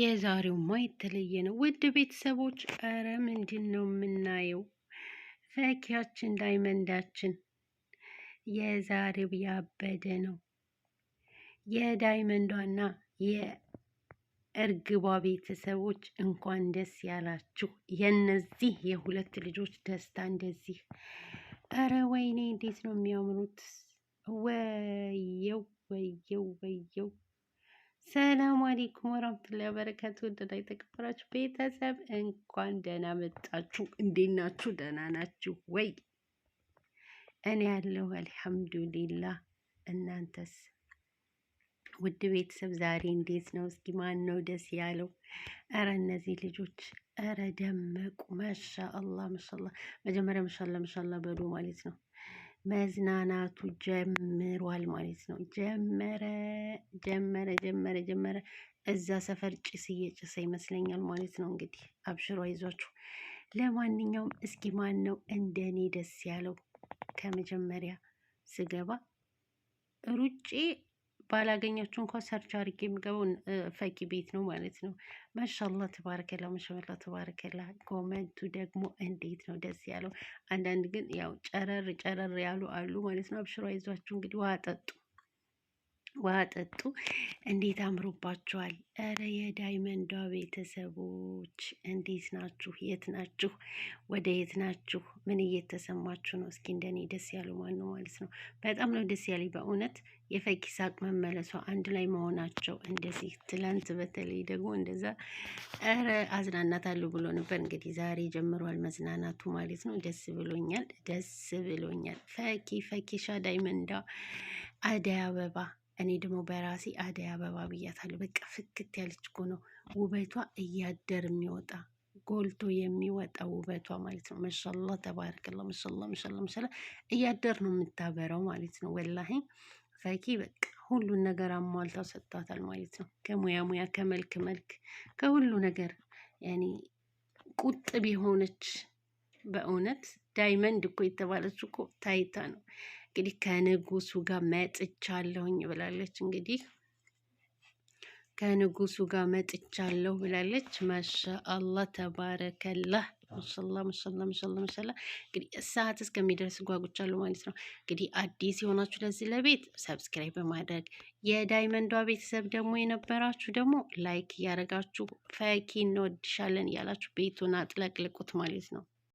የዛሬውማ የተለየ ነው። ውድ ቤተሰቦች፣ ኧረ ምንድን ነው የምናየው? ፈኪያችን ዳይመንዳችን የዛሬው ያበደ ነው። የዳይመንዷና የእርግቧ ቤተሰቦች እንኳን ደስ ያላችሁ። የነዚህ የሁለት ልጆች ደስታ እንደዚህ ኧረ ወይኔ እንዴት ነው የሚያምሩት! ወየው ወየው ወየው ሰላም አለይኩም ወራህመቱላሂ ወበረካቱ። ወደዳ የተከበራችሁ ቤተሰብ እንኳን ደህና መጣችሁ። እንዴት ናችሁ? ደህና ናችሁ ወይ? እኔ ያለው አልሐምዱሊላህ። እናንተስ? ውድ ቤተሰብ ዛሬ እንዴት ነው? እስኪ ማን ነው ደስ ያለው? እረ እነዚህ ልጆች እረ ደመቁ። ማሻአላህ ማሻአላህ። መጀመሪያ ማሻአላህ ማሻአላህ በሉ ማለት ነው። መዝናናቱ ጀምሯል ማለት ነው። ጀመረ ጀመረ ጀመረ ጀመረ። እዛ ሰፈር ጭስ እየጨሰ ይመስለኛል ማለት ነው። እንግዲህ አብሽሮ ይዟችሁ ለማንኛውም እስኪ ማን ነው እንደኔ ደስ ያለው? ከመጀመሪያ ስገባ ሩጬ ባላገኛችሁ እንኳን ሰርች አድርጌ የሚገባው ፈቂ ቤት ነው ማለት ነው። ማሻላ ተባረከላ፣ ማሻላ ተባረከላ። ኮመንቱ ደግሞ እንዴት ነው ደስ ያለው። አንዳንድ ግን ያው ጨረር ጨረር ያሉ አሉ ማለት ነው። አብሽሮ አይዟችሁ እንግዲህ ውሃ ጠጡ። ውሃ ጠጡ። እንዴት አምሮባችኋል! እረ የዳይመንዷ ቤተሰቦች እንዴት ናችሁ? የት ናችሁ? ወደ የት ናችሁ? ምን እየተሰማችሁ ነው? እስኪ እንደኔ ደስ ያለው ማነው ማለት ነው። በጣም ነው ደስ ያለኝ በእውነት የፈኪ ሳቅ መመለሷ፣ አንድ ላይ መሆናቸው እንደዚህ። ትላንት በተለይ ደግሞ እንደዛ እረ አዝናናታለሁ ብሎ ነበር። እንግዲህ ዛሬ ጀምሯል መዝናናቱ ማለት ነው። ደስ ብሎኛል፣ ደስ ብሎኛል። ፈኪ ፈኪሻ ዳይመንዷ አደይ አበባ እኔ ደግሞ በራሴ አደይ አበባ ብያታለሁ። በቃ ፍክት ያለች እኮ ነው ውበቷ እያደር የሚወጣ ጎልቶ የሚወጣ ውበቷ ማለት ነው። መሻላ ተባረከላ፣ መሻላ መሻላ መሻላ እያደር ነው የምታበረው ማለት ነው። ወላሂ ፈኪ በቃ ሁሉን ነገር አሟልታ ሰጥታታል ማለት ነው። ከሙያ ሙያ፣ ከመልክ መልክ፣ ከሁሉ ነገር ያኔ ቁጥብ የሆነች በእውነት ዳይመንድ እኮ የተባለች እኮ ታይታ ነው። እንግዲህ ከንጉሱ ጋር መጥቻለሁኝ ብላለች። እንግዲህ ከንጉሱ ጋር መጥቻለሁ ብላለች። ማሻ አላህ ተባረከላህ። ማሻላ ማሻላ ማሻላ ማሻላ። እንግዲህ ሰዓት እስከሚደርስ ጓጉቻለሁ ማለት ነው። እንግዲህ አዲስ የሆናችሁ ለዚህ ለቤት ሰብስክራይብ በማድረግ የዳይመንዷ ቤተሰብ ደግሞ የነበራችሁ ደግሞ ላይክ እያደረጋችሁ ፈኪ እንወድሻለን እያላችሁ ቤቱን አጥለቅልቁት ማለት ነው።